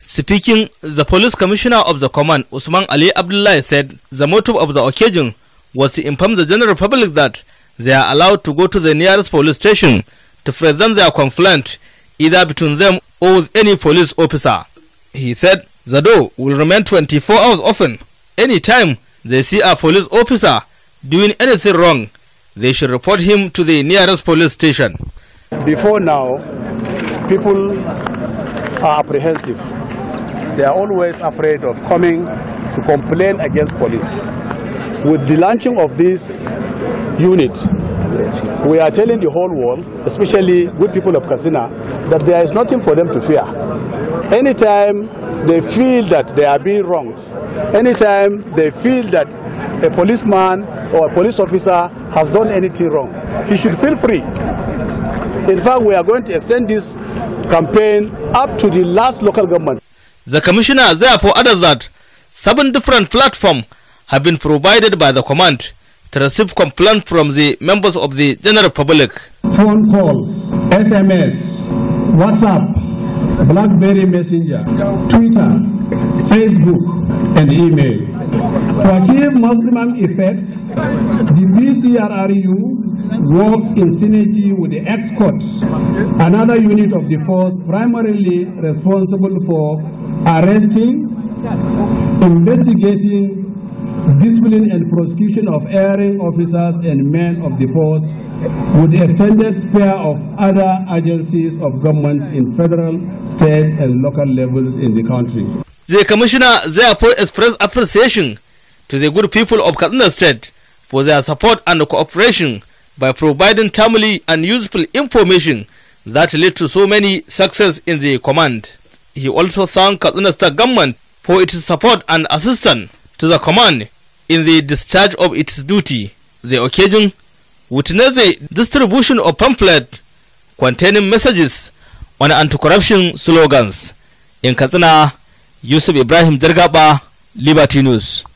Speaking, the police commissioner of the command, Usman Ali Abdullah, said the motive of the occasion was to inform the general public that they are allowed to go to the nearest police station to present their complaint, either between them or with any police officer. He said the door will remain 24 hours open. Any time they see a police officer doing anything wrong, they should report him to the nearest police station. Before now, people are apprehensive they are always afraid of coming to complain against police. With the launching of this unit, we are telling the whole world, especially good people of Casina, that there is nothing for them to fear. Anytime they feel that they are being wronged, anytime they feel that a policeman or a police officer has done anything wrong, he should feel free. In fact, we are going to extend this campaign up to the last local government. The commissioner therefore added that seven different platforms have been provided by the command to receive complaints from the members of the general public. Phone calls, SMS, WhatsApp, BlackBerry Messenger, Twitter, Facebook, and email. To achieve maximum effect, the BCRRU works in synergy with the x another unit of the force primarily responsible for arresting, investigating, discipline and prosecution of airing officers and men of the force with the extended spare of other agencies of government in federal, state and local levels in the country. The commissioner therefore expressed appreciation to the good people of Kaduna State for their support and cooperation by providing timely and useful information that led to so many success in the command. He also thanked Katsina State government for its support and assistance to the command in the discharge of its duty. The occasion witnessed the distribution of pamphlets containing messages on anti-corruption slogans. In Katsina, Yusuf Ibrahim Jargaɓa Liberty News.